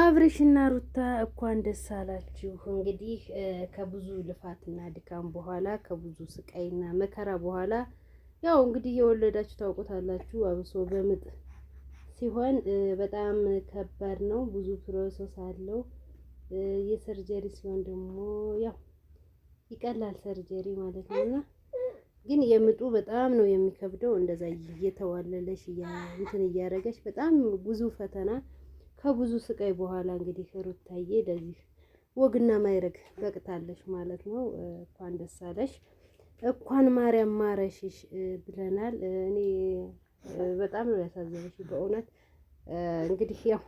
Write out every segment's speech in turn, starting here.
አብርሽና ሩታ እንኳን ደስ አላችሁ። እንግዲህ ከብዙ ልፋትና ድካም በኋላ ከብዙ ስቃይና መከራ በኋላ ያው እንግዲህ የወለዳችሁ ታውቁታላችሁ። አብሶ በምጥ ሲሆን በጣም ከባድ ነው። ብዙ ፕሮሰስ አለው። የሰርጀሪ ሲሆን ደግሞ ያው ይቀላል ሰርጀሪ ማለት እና ግን የምጡ በጣም ነው የሚከብደው። እንደዛ እየተዋለለሽ እንትን እያደረገች በጣም ብዙ ፈተና ከብዙ ስቃይ በኋላ እንግዲህ ሩታዬ ለዚህ ወግና ማይረግ በቅታለሽ ማለት ነው። እንኳን ደስ አለሽ፣ እንኳን ማርያም ማረሽሽ ብለናል። እኔ በጣም ነው ያሳዘነሽ በእውነት እንግዲህ ያው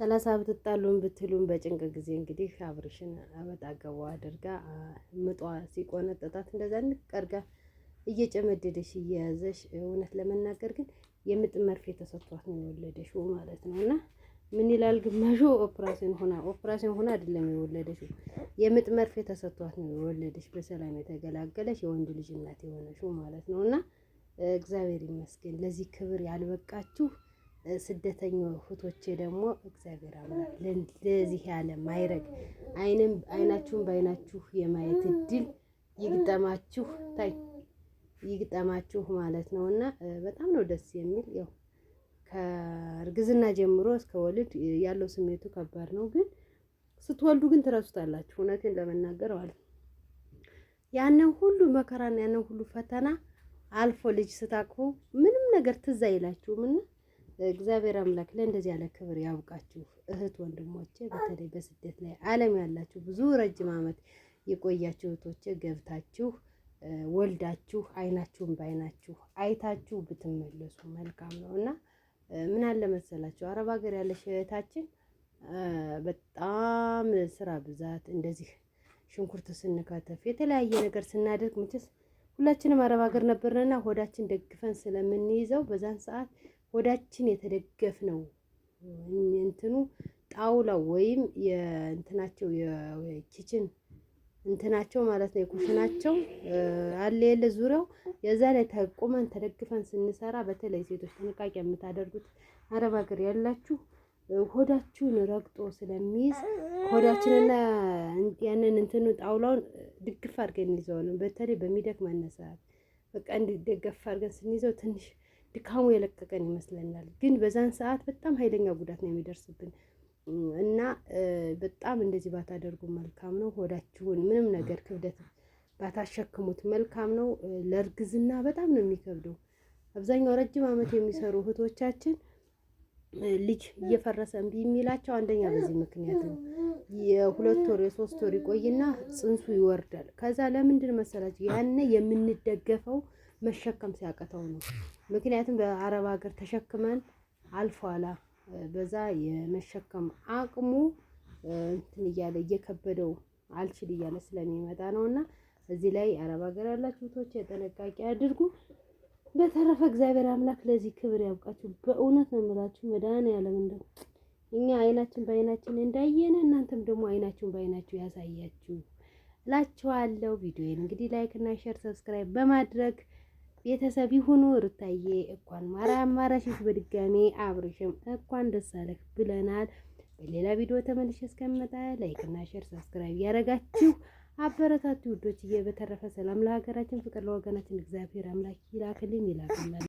ሰላሳ ብትጣሉን ብትሉን በጭንቅ ጊዜ እንግዲህ አብርሽን አበጣገቧ አድርጋ ምጧ ሲቆነጠጣት እንደዛ ንቀርጋ እየጨመደደሽ እየያዘሽ እውነት ለመናገር ግን የምጥ መርፌ ተሰጥቷት ነው የወለደችው ማለት ነው። እና ምን ይላል ግማሹ ኦፕራሲዮን ሆና ኦፕራሲዮን ሆና አይደለም የወለደችው የምጥ መርፌ ተሰጥቷት ነው የወለደች በሰላም የተገላገለች የወንድ ልጅ እናት የሆነችው ማለት ነው። እና እግዚአብሔር ይመስገን ለዚህ ክብር ያልበቃችሁ ስደተኛ ሁቶቼ ደግሞ እግዚአብሔር አምላክ ለዚህ ያለ ማይረግ አይንም አይናችሁን በአይናችሁ የማየት እድል ይግጠማችሁ ታይ ይግጠማችሁ ማለት ነው። እና በጣም ነው ደስ የሚል ያው ከእርግዝና ጀምሮ እስከ ወልድ ያለው ስሜቱ ከባድ ነው፣ ግን ስትወልዱ ግን ትረሱታላችሁ። እውነቴን ለመናገር ማለት ያንን ሁሉ መከራን ያንን ሁሉ ፈተና አልፎ ልጅ ስታቅፉ ምንም ነገር ትዝ አይላችሁም እና እግዚአብሔር አምላክ ለእንደዚ ያለ ክብር ያውቃችሁ እህት ወንድሞቼ፣ በተለይ በስደት ላይ ዓለም ያላችሁ ብዙ ረጅም ዓመት የቆያችሁ እህቶቼ ገብታችሁ ወልዳችሁ አይናችሁን በአይናችሁ አይታችሁ ብትመለሱ መልካም ነው እና ምን አለ መሰላችሁ አረብ ሀገር ያለች እህታችን በጣም ስራ ብዛት እንደዚህ ሽንኩርት ስንከተፍ የተለያየ ነገር ስናደርግ ምችስ ሁላችንም አረብ ሀገር ነበርንና ሆዳችን ደግፈን ስለምንይዘው በዛን ሰዓት ሆዳችን የተደገፍ ነው እንትኑ ጣውላው ወይም የእንትናቸው የኪችን እንትናቸው ማለት ነው የኩሽናቸው አለ የለ ዙሪያው የዛ ላይ ተቆመን ተደግፈን ስንሰራ፣ በተለይ ሴቶች ጥንቃቄ የምታደርጉት አረብ ሀገር ያላችሁ ሆዳችሁን ረግጦ ስለሚይዝ ሆዳችንና ያንን እንትኑ ጣውላውን ድግፍ አድርገን እንይዘዋለን። በተለይ በሚደክ ሰዓት በቃ እንዲደገፍ አድርገን ስንይዘው ትንሽ ድካሙ የለቀቀን ይመስለናል፣ ግን በዛን ሰዓት በጣም ኃይለኛ ጉዳት ነው የሚደርስብን። እና በጣም እንደዚህ ባታደርጉ መልካም ነው። ሆዳችሁን ምንም ነገር ክብደት ባታሸክሙት መልካም ነው። ለእርግዝና በጣም ነው የሚከብደው። አብዛኛው ረጅም ዓመት የሚሰሩ እህቶቻችን ልጅ እየፈረሰ እምቢ የሚላቸው አንደኛ በዚህ ምክንያት ነው። የሁለት ወር የሶስት ወር ይቆይና ጽንሱ ይወርዳል። ከዛ ለምንድን መሰላችሁ? ያነ የምንደገፈው መሸከም ሲያቀተው ነው። ምክንያቱም በአረብ ሀገር ተሸክመን አልፏላ በዛ የመሸከም አቅሙ እንትን እያለ እየከበደው አልችል እያለ ስለሚመጣ ነው። እና እዚህ ላይ አረብ ሀገር ያላችሁ ቶች ጥንቃቄ አድርጉ። በተረፈ እግዚአብሔር አምላክ ለዚህ ክብር ያብቃችሁ። በእውነት ነው የምላችሁ መድኃኒዓለም እንደው እኛ አይናችን በአይናችን እንዳየን እናንተም ደግሞ አይናችሁን በአይናችሁ ያሳያችሁ እላችኋለሁ። ቪዲዮን እንግዲህ ላይክ እና ሼር ሰብስክራይብ በማድረግ ቤተሰብ ይሁኑ። ሩታዬ አማራ አማራሽሽ በድጋሜ አብርሽም እንኳን ደስ አለህ ብለናል። በሌላ ቪዲዮ ተመልሼ እስከምመጣ ላይክና ሼር ሰብስክራይብ ያደረጋችሁ አበረታቱ ውዶችዬ። በተረፈ ሰላም ለሀገራችን፣ ፍቅር ለወገናችን እግዚአብሔር አምላክ ይላክልን ይላክልን።